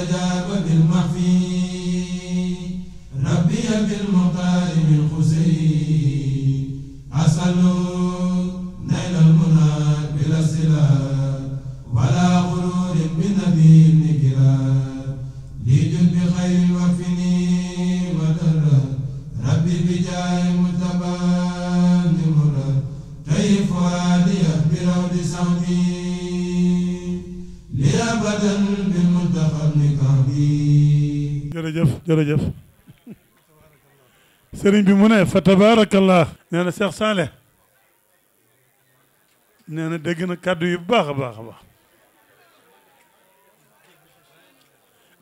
استجاب بالمخفي ربي بالمقارب الخزي أصلوا jërëjëf jërëjëf sëriñ bi mu ne fa tabaarakallah nee na Cheikh Saleh nee na dégg na kàddu yi bu baax a baax a baax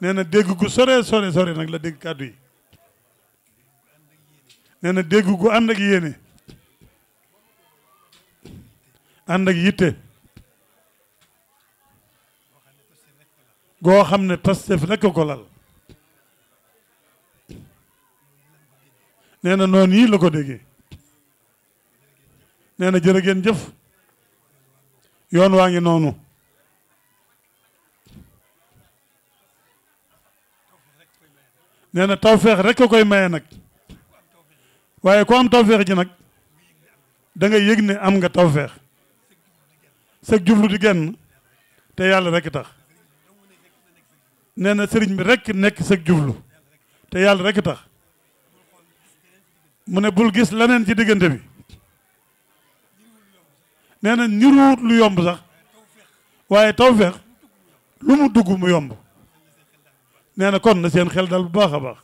nee na dégg gu sore sore sore nag la dégg kàddu yi nee na dégg gu ànd ak yéene ànd ak yitte goo xam ne Pastef rekk ko lal nee na noon yii la ko déggee nee na jërë ngeen jëf yoon waa ngi noonu nee na tawfeex rekk a koy maye nag waaye ku am tawfeex ji nag da nga yëg ne am nga tawfeex sag jublu di genn te yàlla rekk tax nee na sëriñ bi rek nekk sa jublu te yàlla rek tax mu ne bul gis leneen ci diggante bi nee na lu yomb sax waaye tawfeex lu mu dugg mu yomb nee na kon na seen xel dal bu baax a baax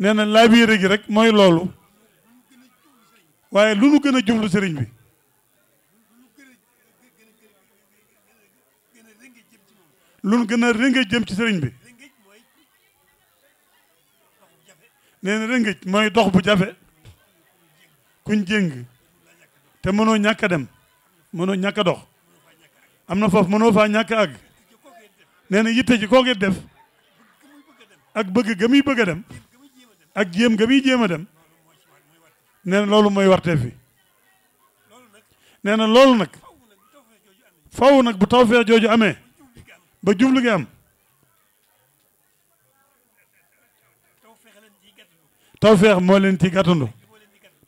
nee na laabiire gi rek mooy loolu waaye lu nu gën a jublu sëriñ bi lu gën a rëngëj jëm ci sëriñ bi nee na rëngëj mooy dox bu jafe kuñ jéng te mënoo ñàkk dem mënoo ñàkk dox am na foof mënoo faa ñàkk a àgg nee na yitte ji kookee def ak bëgg gëm muy bëgg a dem ak jéem ga muy jéem a dem nee loolu mooy warte fi nee na loolu nag faw nag bu tawfeex jooju amee ba jublu gi am tawfeex moo leen ci gàttandu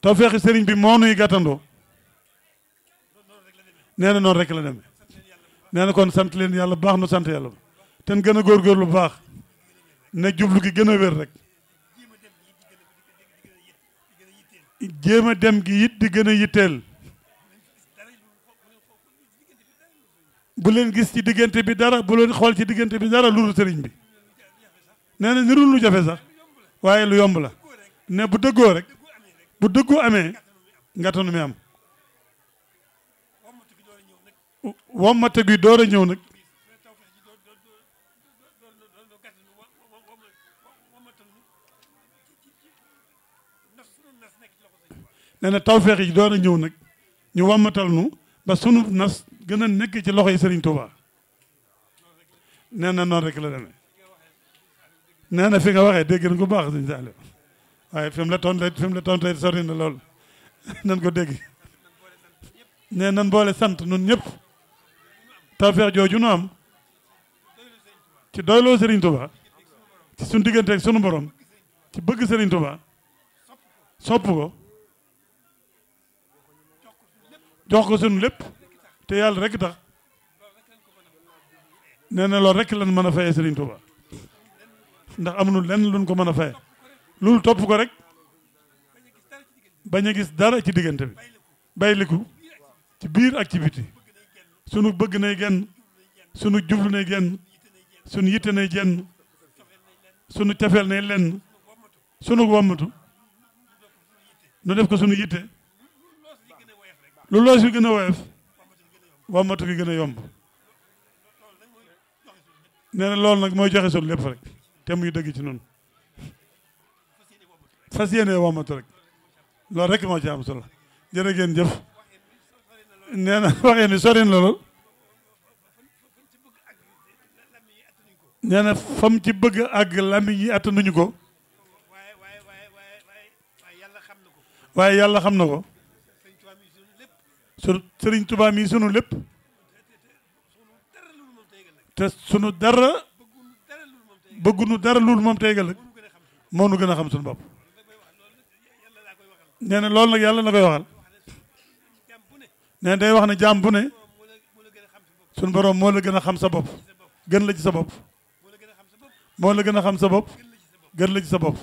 tawfeexi sëriñ bi moo nuy gàttandu nee na noonu rek la demee nee na kon sant leen yàlla baax nu sant yàlla ba ten gën a góor lu baax na jublu gi gën a wér rek jéem a dem gi it di gën a yitteel bu leen gis ci diggante bi dara bu leen xool ci diggante bi dara lu dul sëriñ bi nee na lu jafe sax waaye lu yomb la ne bu dëggoo rek bu dëggu amee ngatanu mi am wommate bi door a ñëw nag nee na tawfeex yi door ñëw nag ñu wommatal nu ba sunu na gën a nekk ci loxo yi Serigne Touba nee na noonu rek la demee nee na fi nga waxee dégg nañ ko baax Serigne Saliou waaye fi la tontee fi mu la tontee sori na lool nan ko dégg nee nan boole sant nun ñëpp tawfeex jooju nu am ci doyloo Serigne Touba ci sunu diggante sunu borom ci bëgg Serigne Touba sopp ko jox ko sunu lépp te yàlla rek tax nee na loolu rek lan mën a fayee Serigne Touba ndax amuñu lenn luñ ko mën a fayee loolu topp ko rek bañ a gis dara ci diggante bi bayliku ci biir ak ci biti sunu bëgg nay genn sunu jublu nay genn sunu yitte nay genn sunu cafeel nay lenn sunu wommatu nu def ko sunu yitte lu loos bi gën a woyof wàmmatu gi gën a yomb nee na loolu nag mooy joxe suñu lépp rek te muy dëgg ci noonu fas yéene wàmmatu rek loolu rek moo ci am solo jërë ngeen jëf nee na waxee ni sorin la lool nee na fam ci bëgg àgg lamiñ yi attanuñu ko waaye yàlla xam na ko su Sëriñ Tuubaa mii sunu lépp te sunu dara bëggunu dara lul moom tey ëllëg moo nu gën a xam sunu bopp nee na loolu nag yàlla na koy waxal nee day wax ne jaam bu ne sunu borom moo la gën a xam sa bopp gën la ci sa bopp moo la gën a xam sa bopp gën la ci sa bopp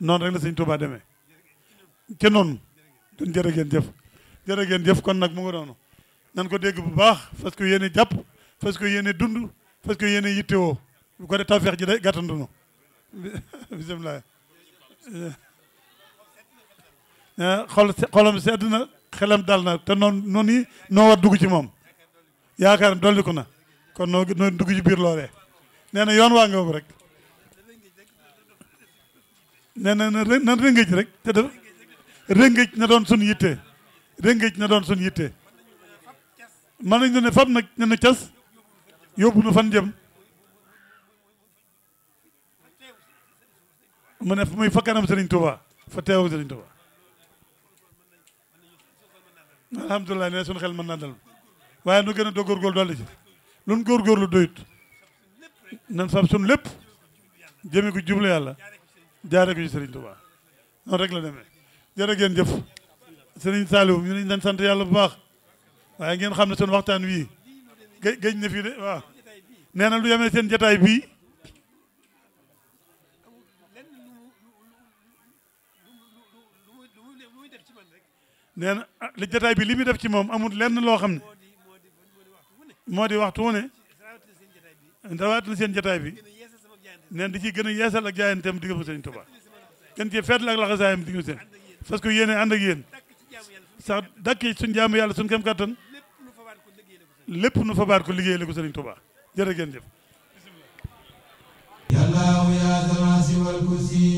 noonu rek la Sëriñ Tuubaa demee ca noonu dun jërë ngeen jëf jërë ngeen kon nag mu nga noonu nan ko dégg bu baax parce que yéen jàpp parce que yéen dund parce que yéen yittewoo bu ko def tawfeex ji day gàttandunu bisimilah eh, xol xolam sedd na xelam dal na te noon noonu yi noo war dugg ci moom yaakaaram dolli ko na kon noo noo dugg ci biir loolee nee na yoon waa ngoogu rek nee na na rëngëj rek te def rëngëj na doon sun yitte rëngëj na doon suñ yitte mën nañu ne fab nag ne na cas yóbbu nu fan jëm mu ne muy fa kanam Serigne Touba fa teewu Serigne Touba alhamdulilah ne suñu xel mën naa dal waaye nu gën a doo góorgóorlu dolli ci luñ góorgóorlu doyut nan fab suñ lépp jëme ko jublu yàlla jaare ko ci Serigne Touba rek la demee jërë ngeen jëf sëriñ Saliou ñu sant yàlla bu baax waaye ngeen xam ne seen waxtaan wii gëj gëj na fii de waaw nee na lu yemee seen jataay bii nee na ah, li jataay bi li muy def ci moom amul lenn loo xam ne moo di waxtu wu ne rawatina seen jataay bi neen di ci gën a yeesal ak jaayanteem digga ma sëriñ Tuubaa gën ci feetla ak laxasaayam digga seen parce que yéene ànd ak yéen sax dakk yi suñ jaamu yàlla suñ kem kattan lépp nu fabaat ko liggéey la ko sëriñ Tuubaa jëf yàlla yaa sama siwal ko si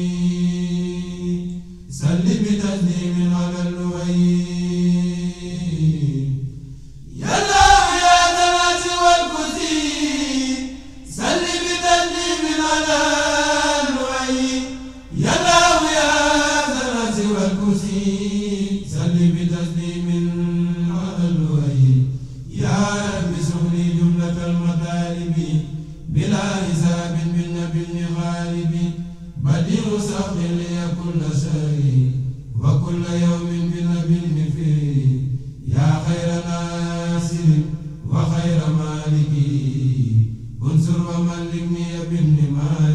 كل سري وكل يوم بنبي فيه يا خير ناصر وخير مالك انصر وملكني بالنماء